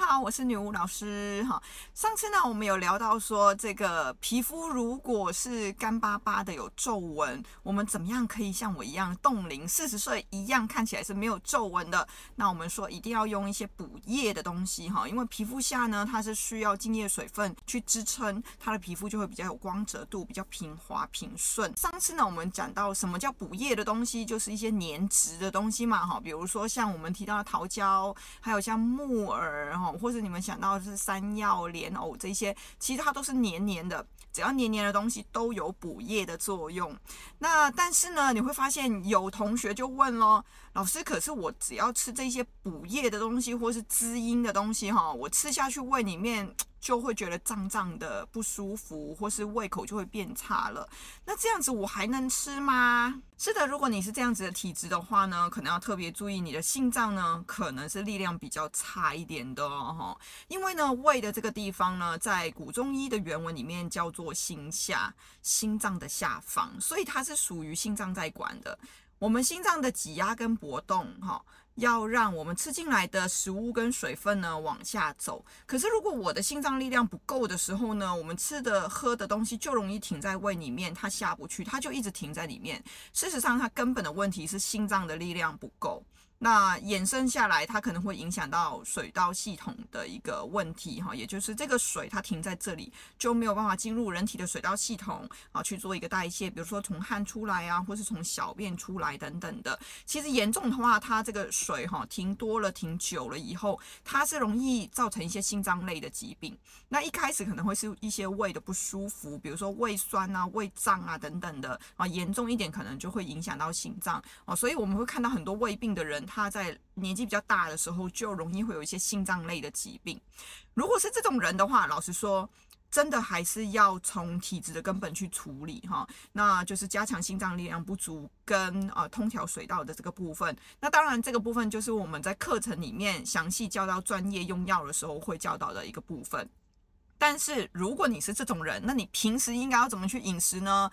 好，我是女巫老師哈。上次呢，我們有聊到說，這個皮膚如果是乾巴巴的有皺紋，我們怎麼樣可以像我一樣凍齡四十歲一樣看起來是沒有皺紋的？那我們說一定要用一些補液的東西哈，因為皮膚下呢，它是需要津液水分去支撐，它的皮膚就會比較有光澤度，比較平滑平順。上次呢，我們講到什麼叫補液的東西，就是一些黏質的東西嘛哈，比如說像我們提到的桃膠，還有像木耳哈。或者你們想到的是山藥、蓮藕這些，其實它都是黏黏的，只要黏黏的東西都有補液的作用。那但是呢，你會發現有同學就問咯，老師，可是我只要吃這些補液的東西，或是滋陰的東西，哈，我吃下去胃裡面，就會覺得脹脹的不舒服，或是胃口就會變差了。那這樣子我還能吃嗎？是的，如果你是這樣子的體質的話呢，可能要特別注意你的心臟呢，可能是力量比較差一點的哦。因為呢，胃的這個地方呢，在古中醫的原文裡面叫做心下，心臟的下方，所以它是屬於心臟在管的。我們心臟的擠壓跟搏動，哈，要讓我們吃進來的食物跟水分呢往下走。可是如果我的心臟力量不夠的時候呢，我們吃的喝的東西就容易停在胃裡面，它下不去，它就一直停在裡面。事實上，它根本的問題是心臟的力量不夠。那衍生下來，它可能會影響到水道系統的一個問題，哈，也就是這個水它停在這裡就沒有辦法進入人體的水道系統啊，去做一個代謝，比如說從汗出來啊，或是從小便出來等等的。其實嚴重的話，它這個水哈停多了、停久了以後，它是容易造成一些心臟類的疾病。那一開始可能會是一些胃的不舒服，比如說胃酸啊、胃脹啊等等的啊，嚴重一點可能就會影響到心臟啊，所以我們會看到很多胃病的人，他在年紀比較大的時候，就容易會有一些心臟類的疾病。如果是這種人的話，老實說，真的還是要從體質的根本去處理哈，那就是加強心臟力量不足跟呃通調水道的這個部分。那當然，這個部分就是我們在課程裡面詳細教到專業用藥的時候會教導的一個部分。但是，如果你是這種人，那你平時應該要怎麼去飲食呢？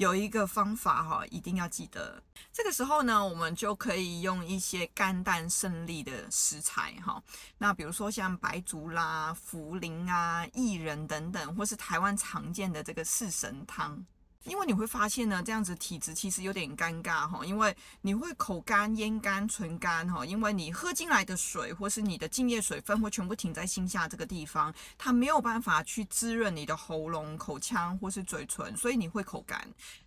有一個方法哈，一定要記得。這個時候呢，我們就可以用一些肝膽勝利的食材哈，那比如說像白朮啦、啊、茯苓啊、薏仁等等，或是台灣常見的這個四神湯。因為你會發現呢，這樣子體質其實有點尷尬哈，因為你會口乾、咽乾、唇乾哈，因為你喝進來的水或是你的津液水分會全部停在心下這個地方，它沒有辦法去滋潤你的喉嚨、口腔或是嘴唇，所以你會口乾。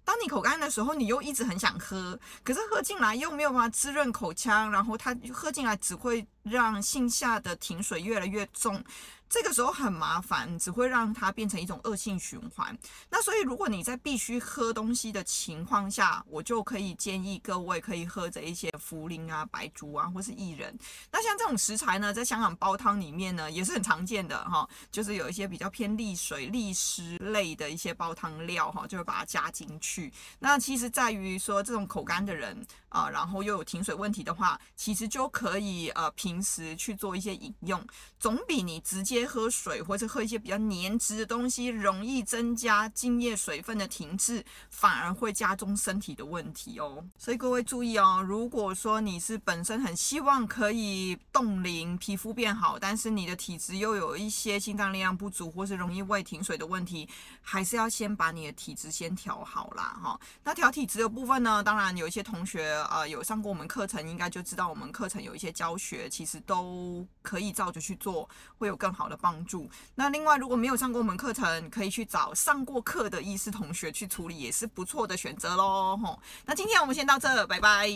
當你口乾的時候，你又一直很想喝，可是喝進來又沒有辦法滋潤口腔，然後它喝進來只會。讓線下的停水越來越重，這個時候很麻煩，只會讓它變成一種惡性循環。那所以，如果你在必須喝東西的情況下，我就可以建議各位可以喝着一些茯苓啊、白朮啊，或是薏仁。那像這種食材呢，在香港煲湯裡面呢也是很常見的哈、哦，就是有一些比較偏利水、利濕類的一些煲湯料哈、哦，就會把它加進去。那其實在於說這種口乾的人啊，然後又有停水問題的話，其實就可以呃平。平時去做一些飲用，總比你直接喝水或者喝一些比較粘稠的東西容易增加津液水分的停滯，反而會加重身體的問題哦。所以各位注意哦，如果說你是本身很希望可以凍齡、皮膚變好，但是你的體質又有一些心臟力量不足或是容易胃停水的問題，還是要先把你的體質先調好啦。哈。那調體質的部分呢，當然有一些同學呃，有上過我們課程，應該就知道我們課程有一些教學其實都可以照着去做，會有更好的幫助。那另外，如果沒有上過我們課程，可以去找上過課的醫師同學去處理，也是不錯的選擇咯。吼，那今天我們先到這，拜拜。